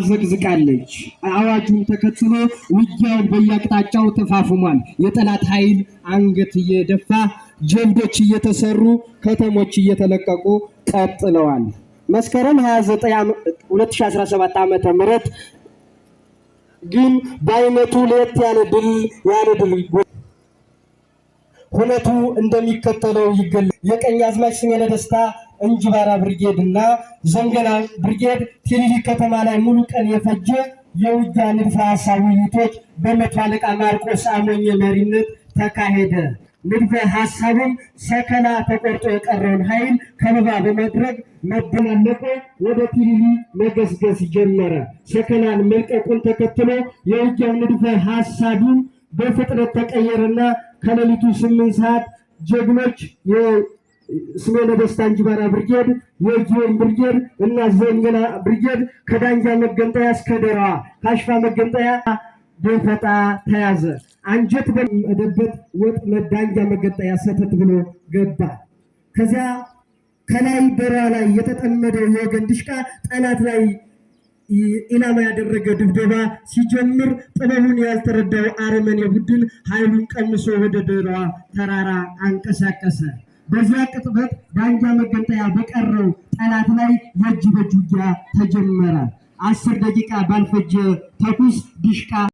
አዘቅዝቃለች። አዋጁን ተከትሎ ውጊያው በየአቅጣጫው ተፋፍሟል። የጠላት ኃይል አንገት እየደፋ ጀብዶች እየተሰሩ ከተሞች እየተለቀቁ ቀጥለዋል። መስከረም 29 2017 ዓ.ም ግን በአይነቱ ለየት ያለ ድል ያለ ድል ሁነቱ እንደሚከተለው ይገለ የቀኝ አዝማች ስሜነህ ደስታ እንጅባራ ብርጌድ እና ዘንገላ ብርጌድ ቲሊሊ ከተማ ላይ ሙሉ ቀን የፈጀ የውጊያ ንድፈ ሀሳብ ውይይቶች በመቶ አለቃ ማርቆስ አሞኘ መሪነት ተካሄደ። ንድፈ ሀሳብም ሰከላ ተቆርጦ የቀረውን ኃይል ከበባ በማድረግ መደላለቆ ወደ ቲሊሊ መገስገስ ጀመረ። ሰከላን መልቀቁን ተከትሎ የውጊያው ንድፈ ሀሳቡን በፍጥነት ተቀየረና ከሌሊቱ ስምንት ሰዓት ጀግኖች ስሜ ለደስታ እንጅባራ ብርጌድ፣ የጊዮን ብርጌድ እና ዘንገላ ብርጌድ ከዳንጃ መገንጠያ እስከ ደራዋ ካሽፋ መገንጠያ ደፈጣ ተያዘ። አንጀት በደበት ወጥ መዳንጃ መገንጠያ ሰተት ብሎ ገባ። ከዚያ ከላይ ደራ ላይ የተጠመደ የወገን ድሽቃ ጠላት ላይ ኢላማ ያደረገ ድብደባ ሲጀምር ጥበቡን ያልተረዳው አረመኔ ቡድን ኃይሉን ቀንሶ ወደ ደራዋ ተራራ አንቀሳቀሰ። በዚያ ቅጥበት ዳንጃ መገንጠያ በቀረው ጠላት ላይ የእጅ በእጅ ውጊያ ተጀመረ። አስር ደቂቃ ባልፈጀ ተኩስ ዲሽቃ